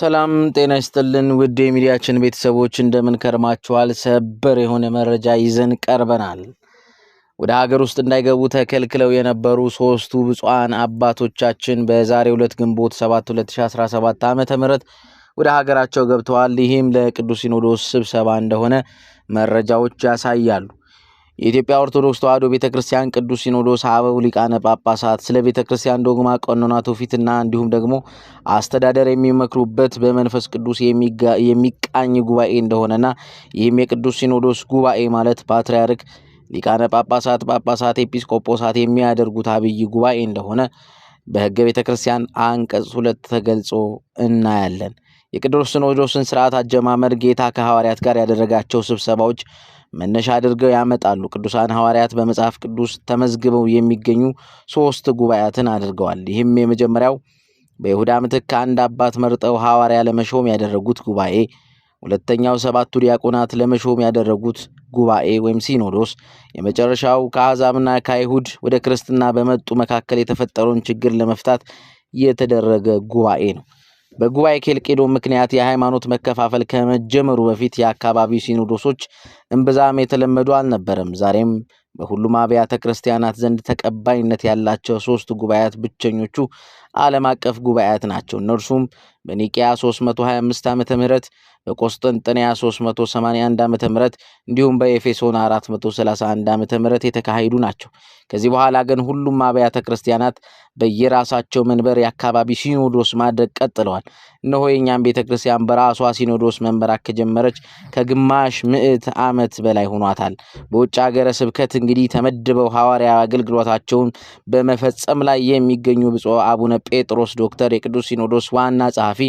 ሰላም ጤና ይስጥልን ውድ የሚዲያችን ቤተሰቦች እንደምን ከርማችኋል? ሰበር የሆነ መረጃ ይዘን ቀርበናል። ወደ ሀገር ውስጥ እንዳይገቡ ተከልክለው የነበሩ ሶስቱ ብፁዓን አባቶቻችን በዛሬው ዕለት ግንቦት 7 2017 ዓ.ም ወደ ሀገራቸው ገብተዋል። ይህም ለቅዱስ ሲኖዶስ ስብሰባ እንደሆነ መረጃዎች ያሳያሉ። የኢትዮጵያ ኦርቶዶክስ ተዋሕዶ ቤተ ክርስቲያን ቅዱስ ሲኖዶስ አበው ሊቃነ ጳጳሳት ስለ ቤተ ክርስቲያን ዶግማ፣ ቀኖና፣ ትውፊትና እንዲሁም ደግሞ አስተዳደር የሚመክሩበት በመንፈስ ቅዱስ የሚቃኝ ጉባኤ እንደሆነና ይህም የቅዱስ ሲኖዶስ ጉባኤ ማለት ፓትርያርክ፣ ሊቃነ ጳጳሳት፣ ጳጳሳት፣ ኤጲስቆጶሳት የሚያደርጉት አብይ ጉባኤ እንደሆነ በሕገ ቤተ ክርስቲያን አንቀጽ ሁለት ተገልጾ እናያለን። የቅዱስ ሲኖዶስን ስርዓት አጀማመር ጌታ ከሐዋርያት ጋር ያደረጋቸው ስብሰባዎች መነሻ አድርገው ያመጣሉ። ቅዱሳን ሐዋርያት በመጽሐፍ ቅዱስ ተመዝግበው የሚገኙ ሶስት ጉባኤያትን አድርገዋል። ይህም የመጀመሪያው በይሁዳ ምትክ አንድ አባት መርጠው ሐዋርያ ለመሾም ያደረጉት ጉባኤ፣ ሁለተኛው ሰባቱ ዲያቆናት ለመሾም ያደረጉት ጉባኤ ወይም ሲኖዶስ፣ የመጨረሻው ከአሕዛብና ከአይሁድ ወደ ክርስትና በመጡ መካከል የተፈጠረውን ችግር ለመፍታት የተደረገ ጉባኤ ነው። በጉባኤ ኬልቄዶ ምክንያት የሃይማኖት መከፋፈል ከመጀመሩ በፊት የአካባቢው ሲኖዶሶች እምብዛም የተለመዱ አልነበረም። ዛሬም በሁሉም አብያተ ክርስቲያናት ዘንድ ተቀባይነት ያላቸው ሶስት ጉባኤያት ብቸኞቹ ዓለም አቀፍ ጉባኤያት ናቸው። እነርሱም በኒቅያ 325 ዓ ም በቆስጠንጥንያ 381 ዓ ም እንዲሁም በኤፌሶን 431 ዓ ም የተካሄዱ ናቸው። ከዚህ በኋላ ግን ሁሉም አብያተ ክርስቲያናት በየራሳቸው መንበር የአካባቢ ሲኖዶስ ማድረግ ቀጥለዋል። እነሆ የእኛም ቤተ ክርስቲያን በራሷ ሲኖዶስ መንበራት ከጀመረች ከግማሽ ምዕት ዓመት በላይ ሆኗታል። በውጭ ሀገረ ስብከት እንግዲህ ተመድበው ሐዋርያ አገልግሎታቸውን በመፈጸም ላይ የሚገኙ ብፁዕ አቡነ ጴጥሮስ ዶክተር የቅዱስ ሲኖዶስ ዋና ጸሐፊ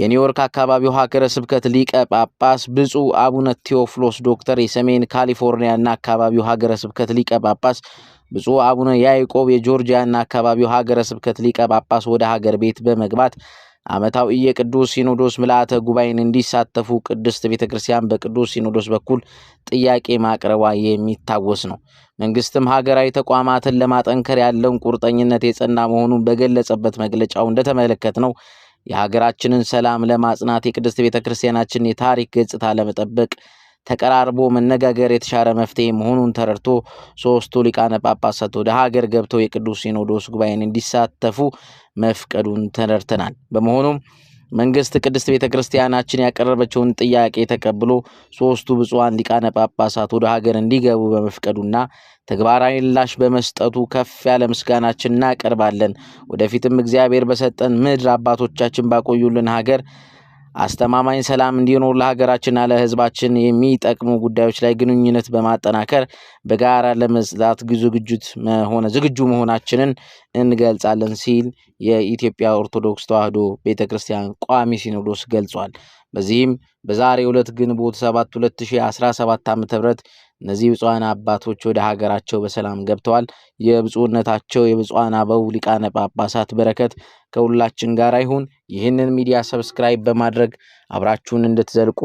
የኒውዮርክ አካባቢው ሀገረ ስብከት ሊቀ ጳጳስ ብፁዕ አቡነ ቴዎፍሎስ ዶክተር የሰሜን ካሊፎርኒያና አካባቢው ሀገረ ስብከት ሊቀ ጳጳስ ብፁዕ አቡነ ያዕቆብ የጆርጂያና አካባቢው ሀገረ ስብከት ሊቀ ጳጳስ ወደ ሀገር ቤት በመግባት ዓመታዊ የቅዱስ ሲኖዶስ ምልአተ ጉባኤን እንዲሳተፉ ቅድስት ቤተ ክርስቲያን በቅዱስ ሲኖዶስ በኩል ጥያቄ ማቅረቧ የሚታወስ ነው። መንግስትም ሀገራዊ ተቋማትን ለማጠንከር ያለውን ቁርጠኝነት የጸና መሆኑን በገለጸበት መግለጫው እንደተመለከት ነው የሀገራችንን ሰላም ለማጽናት የቅድስት ቤተ ክርስቲያናችን የታሪክ ገጽታ ለመጠበቅ ተቀራርቦ መነጋገር የተሻለ መፍትሄ መሆኑን ተረድቶ ሶስቱ ሊቃነ ጳጳሳት ወደ ሀገር ገብተው የቅዱስ ሲኖዶስ ጉባኤን እንዲሳተፉ መፍቀዱን ተረድተናል። በመሆኑም መንግስት ቅድስት ቤተ ክርስቲያናችን ያቀረበችውን ጥያቄ ተቀብሎ ሶስቱ ብፁዓን ሊቃነ ጳጳሳት ወደ ሀገር እንዲገቡ በመፍቀዱና ተግባራዊ ምላሽ በመስጠቱ ከፍ ያለ ምስጋናችን እናቀርባለን። ወደፊትም እግዚአብሔር በሰጠን ምድር አባቶቻችን ባቆዩልን ሀገር አስተማማኝ ሰላም እንዲኖር ለሀገራችንና ለሕዝባችን የሚጠቅሙ ጉዳዮች ላይ ግንኙነት በማጠናከር በጋራ ለመስራት ዝግጁት መሆነ ዝግጁ መሆናችንን እንገልጻለን ሲል የኢትዮጵያ ኦርቶዶክስ ተዋሕዶ ቤተ ክርስቲያን ቋሚ ሲኖዶስ ገልጿል። በዚህም በዛሬ ዕለት ግንቦት 7 2017 ም እነዚህ ብፁዓን አባቶች ወደ ሀገራቸው በሰላም ገብተዋል። የብፁዕነታቸው የብፁዓን አበው ሊቃነ ጳጳሳት በረከት ከሁላችን ጋር ይሁን። ይህንን ሚዲያ ሰብስክራይብ በማድረግ አብራችሁን እንድትዘልቁ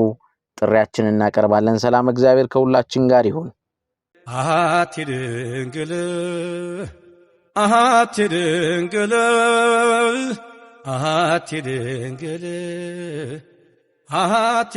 ጥሪያችን እናቀርባለን። ሰላም እግዚአብሔር ከሁላችን ጋር ይሁን። አሐቲ ድንግል አሐቲ